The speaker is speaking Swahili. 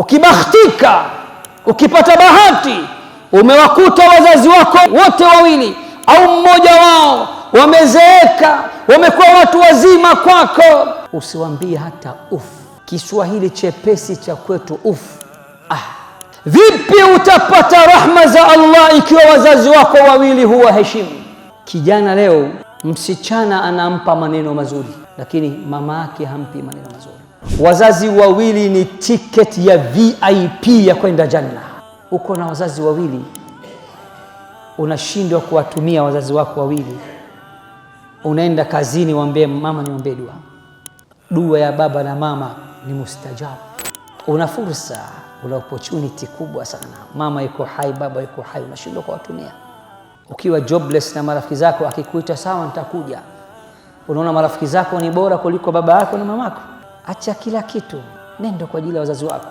Ukibahatika, ukipata bahati, umewakuta wazazi wako wote wawili au mmoja wao wamezeeka, wamekuwa watu wazima kwako, usiwambie hata uf. Kiswahili chepesi cha kwetu uf, ah. Vipi utapata rahma za Allah ikiwa wazazi wako wawili huwa heshimu? Kijana leo, msichana anampa maneno mazuri, lakini mama yake hampi maneno mazuri. Wazazi wawili ni tiketi ya VIP ya kwenda janna. Uko na wazazi wawili, unashindwa kuwatumia wazazi wako wawili, unaenda kazini, waambie mama, niombee dua. Dua ya baba na mama ni mustajabu. Una fursa, una opportunity kubwa sana. Mama yuko hai, baba yuko hai, unashindwa kuwatumia. Ukiwa jobless na marafiki zako, akikuita sawa, nitakuja, unaona marafiki zako ni bora kuliko baba yako na mamako acha kila kitu, nenda kwa ajili ya wazazi wako,